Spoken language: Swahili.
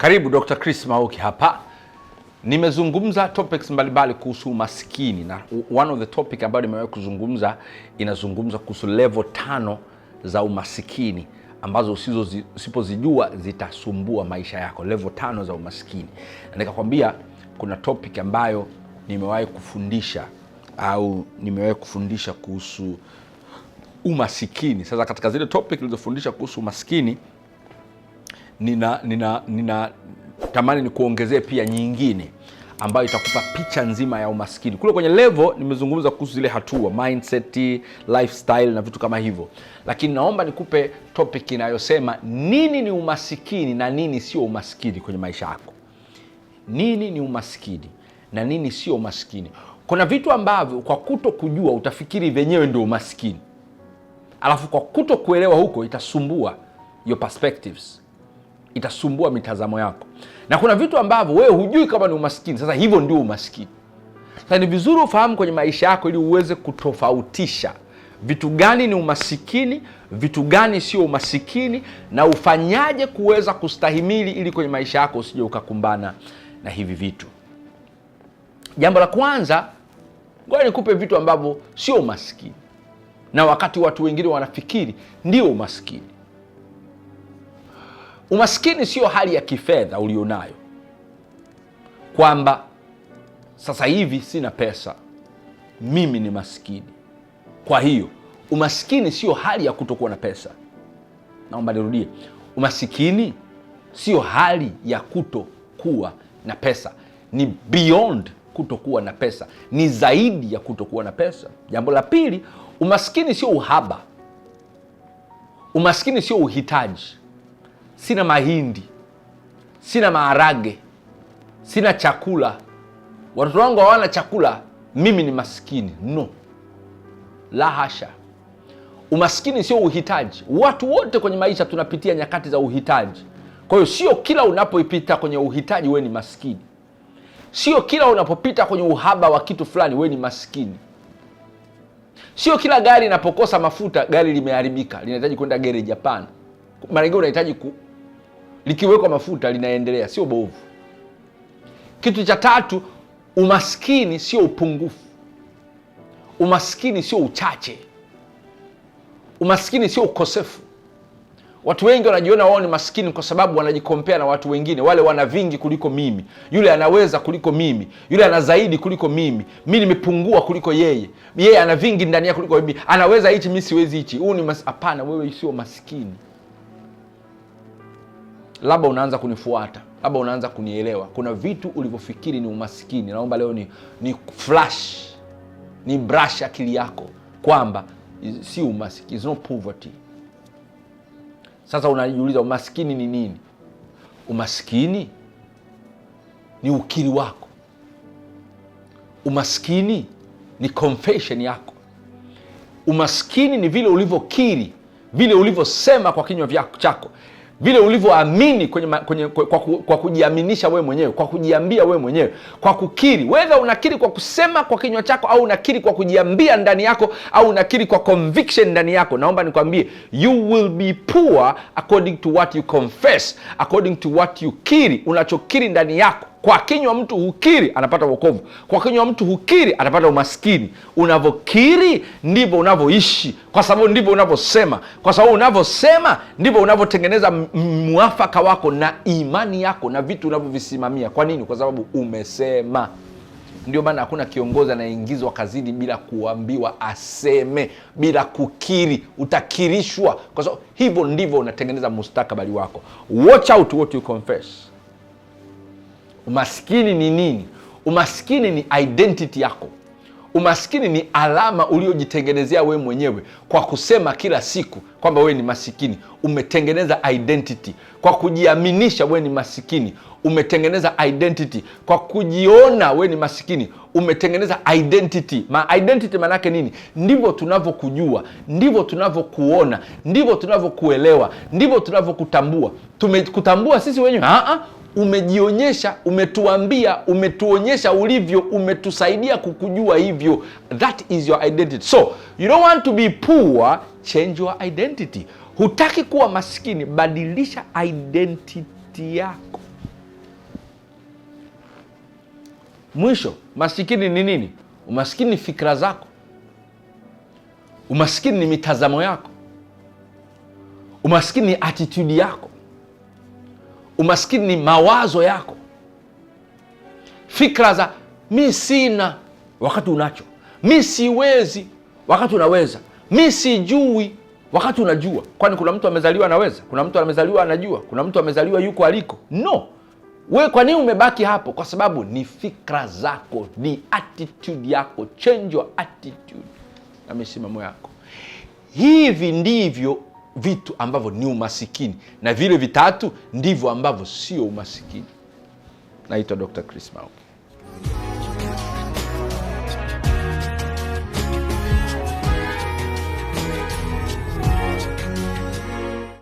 Karibu Dr. Chris Mauki hapa. Nimezungumza topics mbalimbali kuhusu umaskini na one of the topic ambayo nimewahi kuzungumza inazungumza kuhusu level tano za umasikini ambazo usipozijua zitasumbua maisha yako, level tano za umasikini. Na nikakwambia kuna topic ambayo nimewahi kufundisha au nimewahi kufundisha kuhusu umasikini. Sasa katika zile topic nilizofundisha kuhusu umasikini nina, nina, nina tamani ni kuongezee pia nyingine ambayo itakupa picha nzima ya umaskini. Kule kwenye level nimezungumza kuhusu zile hatua mindset, lifestyle na vitu kama hivyo, lakini naomba nikupe topic inayosema nini ni umasikini na nini sio umasikini kwenye maisha yako. Nini ni umasikini na nini sio umasikini? Kuna vitu ambavyo kwa kuto kujua utafikiri vyenyewe ndio umasikini, alafu kwa kuto kuelewa huko itasumbua your perspectives itasumbua mitazamo yako, na kuna vitu ambavyo wewe hujui kama ni umaskini. Sasa hivyo ndio umaskini. Sasa ni vizuri ufahamu kwenye maisha yako, ili uweze kutofautisha vitu gani ni umasikini, vitu gani sio umasikini, na ufanyaje kuweza kustahimili, ili kwenye maisha yako usije ukakumbana na hivi vitu. Jambo la kwanza, ngoja nikupe vitu ambavyo sio umasikini na wakati watu wengine wanafikiri ndio umasikini Umaskini sio hali ya kifedha ulionayo, kwamba sasa hivi sina pesa, mimi ni maskini. Kwa hiyo umaskini sio hali ya kutokuwa na pesa. Naomba nirudie, umasikini sio hali ya kutokuwa na pesa, ni beyond kutokuwa na pesa, ni zaidi ya kutokuwa na pesa. Jambo la pili, umaskini sio uhaba, umaskini sio uhitaji sina mahindi, sina maharage, sina chakula, watoto wangu hawana chakula, mimi ni maskini? No, la hasha. Umaskini sio uhitaji. Watu wote kwenye maisha tunapitia nyakati za uhitaji. Kwa hiyo sio kila unapoipita kwenye uhitaji wewe ni maskini, sio kila unapopita kwenye uhaba wa kitu fulani wewe ni maskini, sio kila gari inapokosa mafuta gari limeharibika linahitaji kwenda gereji. Hapana, mara nyingi unahitaji likiwekwa mafuta linaendelea, sio bovu. Kitu cha tatu, umaskini sio upungufu, umaskini sio uchache, umaskini sio ukosefu. Watu wengi wanajiona wao ni maskini kwa sababu wanajikompea na watu wengine, wale wana vingi kuliko mimi, yule anaweza kuliko mimi, yule ana zaidi kuliko mimi, mi nimepungua kuliko yeye, yeye ana vingi ndani yake kuliko mimi, anaweza hichi, mi siwezi hichi. Huu ni hapana, wewe sio maskini labda unaanza kunifuata, labda unaanza kunielewa. Kuna vitu ulivyofikiri ni umasikini, naomba leo ni, ni flash ni brush akili yako kwamba si umasikini, is no poverty. Sasa unajiuliza umasikini ni nini? Umasikini ni ukiri wako, umaskini ni confession yako, umaskini ni vile ulivyokiri, vile ulivyosema kwa kinywa chako vile ulivyoamini kwenye, kwenye, kwa, kwa, kwa kujiaminisha wewe mwenyewe, kwa kujiambia wewe mwenyewe, kwa kukiri. Wedha unakiri kwa kusema kwa kinywa chako au unakiri kwa kujiambia ndani yako au unakiri kwa conviction ndani yako, naomba nikwambie, you will be poor according to what you confess, according to what you kiri, unachokiri ndani yako kwa kinywa mtu hukiri anapata wokovu, kwa kinywa mtu hukiri anapata umaskini. Unavyokiri ndivyo unavyoishi, kwa sababu ndivyo unavyosema, kwa sababu unavyosema ndivyo unavyotengeneza mwafaka wako na imani yako na vitu unavyovisimamia. Kwa nini? Kwa sababu umesema. Ndio maana hakuna kiongozi anayeingizwa kazini bila kuambiwa aseme, bila kukiri. Utakirishwa, kwa sababu hivyo ndivyo unatengeneza mustakabali wako. Watch out what you confess. Umaskini ni nini? Umaskini ni identity yako. Umaskini ni alama uliojitengenezea wewe mwenyewe kwa kusema kila siku kwamba wewe ni masikini. Umetengeneza identity kwa kujiaminisha, wewe ni masikini. Umetengeneza identity kwa kujiona, wewe ni masikini. Umetengeneza identity. Ma identity maanake nini? Ndivyo tunavyokujua, ndivyo tunavyokuona, ndivyo tunavyokuelewa, ndivyo tunavyokutambua. Tumekutambua sisi wenyewe? Ah, ah, umejionyesha, umetuambia, umetuonyesha ulivyo, umetusaidia kukujua hivyo. That is your identity. So you don't want to be poor, change your identity. Hutaki kuwa maskini, badilisha identity yako. Mwisho, masikini ni nini? Umaskini ni fikra zako. Umaskini ni mitazamo yako. Umaskini ni attitude yako. Umaskini ni mawazo yako, fikra za mi sina wakati unacho, mi siwezi wakati unaweza, mi sijui wakati unajua. Kwani kuna mtu amezaliwa anaweza? Kuna mtu amezaliwa anajua? Kuna mtu amezaliwa yuko aliko? No. We, kwa nini umebaki hapo? Kwa sababu ni fikra zako, ni attitude yako. Change your attitude na misimamo yako. Hivi ndivyo vitu ambavyo ni umasikini, na vile vitatu ndivyo ambavyo sio umasikini. Naitwa Dr. Chris Mauki.